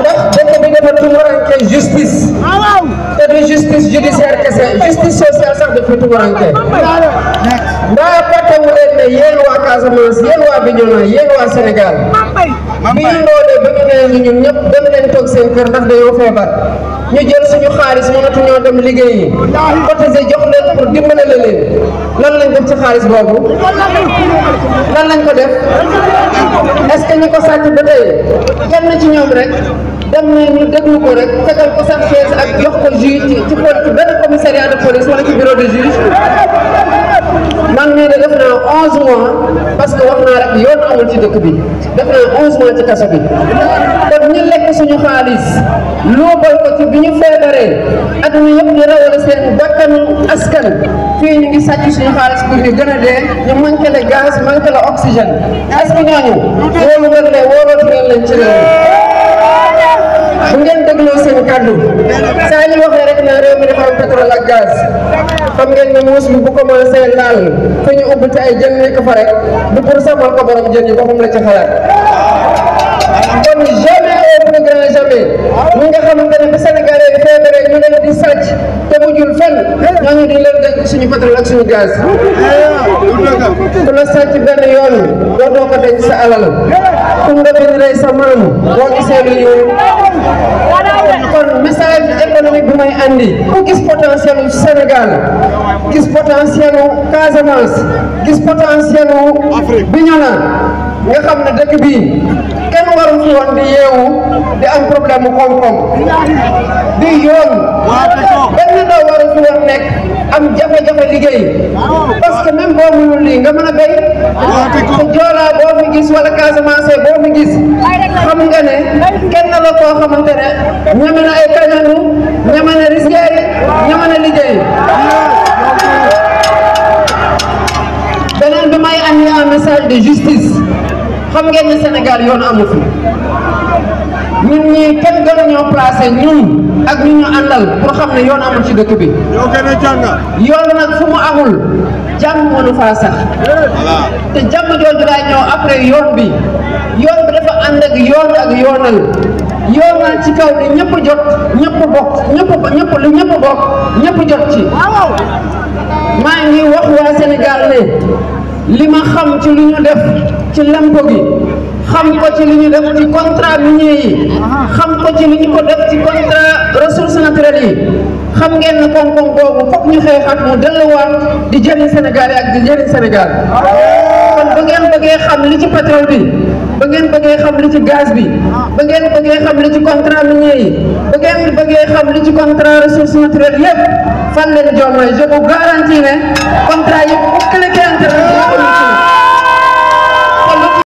ndax dëkk justiça nga fa tumuranke justice te du justice judiciaire kese justice sociale Não, não, não. Não, não, não. Não, não, não. Casamance yéen waa Bignona yéen waa Sénégal bi ñu roodee ba ñu nee ñun ñëpp dem leen toog seen kër ndax dañoo feebar ñu jël suñu xaalis mënatuñoo dem liggéeyi cotiser jox leen pour dimbale la leen lan lañ def ci xaalis boobu lan lañ ko def est que ñu ko sàcc ba tey ci ñoom rek dem na ñu déglu ko rek fekkal ko sax chaise ak jox ko juge ci ci benn commissariat de police wala ci bureau de juge man mii de def naa 11 mois. parce que wax naa rek ci dëkk bi def naa 11 mois ci kaso bi kon ñu lekk suñu xaalis luubal ko bi ñu feebaree ak ñu yëpp di rawale seen bakkanu askan fii ñu ngi sàcc suñu xaalis pour ñu gën a dee ñu manqué le gaz manqué le oxygène est-ce que ñooñu wóolu ngeen ne wóolootu ngeen ci réew bu ngeen dégloo seen kàddu saa ñu waxee rek na mi dafa am pétrole ak xam ngeen ne muus bi bu commencé laal fu ñu ubbi te ay jën nekk fa rek du pour ko borom jën yi boppam la ci xalaat kon jamais au oh, plus grand jamais ñi nga xamante ne bu Sénégalais yi feebaree ñu leen di sàcc te mujjul fenn ñooñu di leen dégg suñu pétrole ak suñu gaz ku la sàcc benn yoon doo doo ko denc sa alal ku nga bind rey sa maam boo gisee lu mooy andi ku gis potentiel u Sénégal gis potentiel u Casamance gis potentiel bi Bignona nga xam ne dëkk bii kenn waru fi woon di yeewu di am problème mu koom-koom di yoon benn ndaw fi woon nekk am jafe-jafe liggéey parce que même boo mënul lii nga mën a béy te joolaa boo fi gis wala Casamance boo nga ne kenn la koo xamante ne ñeme na ay kañanu ñeme na risque yi ñeme na liggéey beneen bi may am ni un message de justice xam ngeen ne Sénégal yoon amu fi ñun ñii kenn gën a ñoo placé ñun ak ñu ñu àndal pour xam ne yoon amul ci dëkk bi. yow gën a jàng. yoon nag fu mu amul jàmm mënu faa sax. te jàmm jooju daay ñëw après yoon bi. Yon bi dafa and ak yoon ak Yon na ci kaw ni ñëpp jot ñëpp bokk ñëpp ñepp lu ñepp bok ñepp jot ci ma ngi wax wa senegal ne lima xam ci lu ñu def ci lempo gi xam ko ci li ñu def ci contrat minier yi xam ko ci li ñu ko def ci contrat ressources naturelles yi xam ngeen na kon kon bobu fokk ñu mu waat di jëri senegal ak di jëri senegal kon bu ngeen bëgge xam li ci pétrole bi ba ngeen bëggee xam li ci gaz bi ba ngeen bëggee xam li ci contrat minier yi ba ngeen bëggee xam li ci contrat ressources naturelles yëpp fan leen Diomaye je vous garantis ne contrat yëpp bu cliquer entre